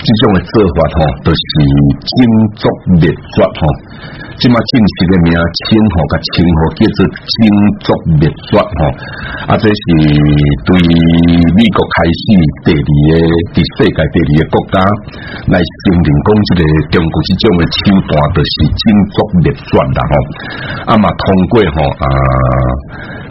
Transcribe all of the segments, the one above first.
這種的做法吼，就係種族滅絕吼。即馬正式嘅名稱呼嘅稱呼叫做種族滅絕吼，啊，這是對美國開始第二嘅第世界第二嘅國家來聲明講，即個中國即種嘅手段，就係種族滅絕的吼。啊嘛，通過吼啊。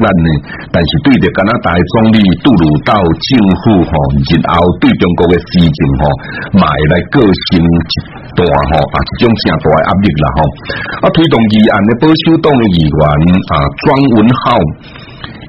那呢？但是對着加拿大總理杜魯道政府吼、哦，然後對中國嘅事情吼、哦，買來個性一大吼、哦，啊，這種大段壓力啦吼、哦，啊，推動議案嘅保守黨嘅議員啊，莊文浩。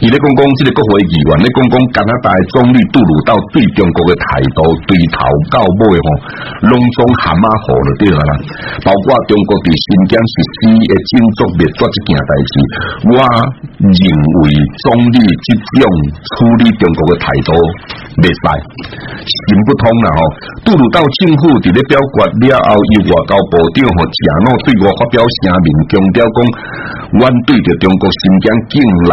你咧講講即個國會議員，咧，講講加拿大總理杜魯道對中國嘅態度對頭到尾吼，攏總蛤蟆河了對啦。包括中國佇新疆實施嘅種族滅絕這件代誌，我認為總理即種處理中國嘅態度未使行不通啦吼。杜魯道政府佇咧表決了後，又外交部長和承諾對我發表聲明強調講，我對着中國新疆境內。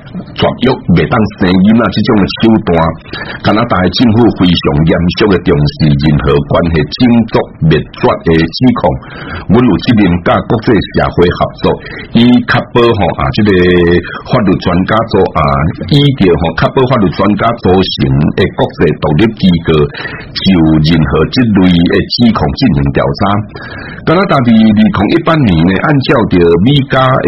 捉藥未當聲音啊！即種手段，加拿大政府非常嚴肅嘅重視任何關係運作滅絕嘅指控。我有責任甲國際社會合作，以確保啊，即個法律專家組啊，以點確保法律專家組成嘅國際獨立機構就任何即類嘅指控進行調查。加拿大喺二零一八年呢，按照條美加嘅。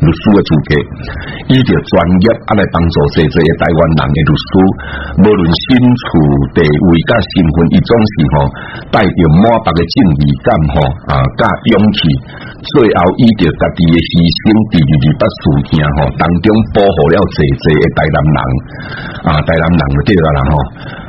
律師嘅資格，伊著專業啊嚟幫助這這台灣人嘅律師，無論身處地位加身份，伊總是吼帶着滿滿嘅正義感吼啊加勇氣，最後伊著家己嘅犧牲，佇二二八嘅吼當中保護了這這台灣人啊台灣人嘅對個啦吼。啊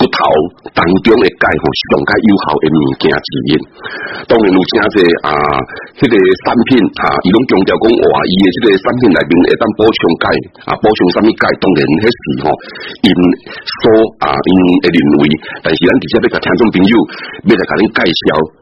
骨頭當中的鈣吼，上加有效嘅物件之一。當然有加在啊，迄個產品啊伊攏強調講哇伊嘅這個產品內面會當補充鈣啊，補充什麼鈣？當然迄時吼，因所啊，因會認為。但是咱直接要給聽眾朋友，要來給您介紹。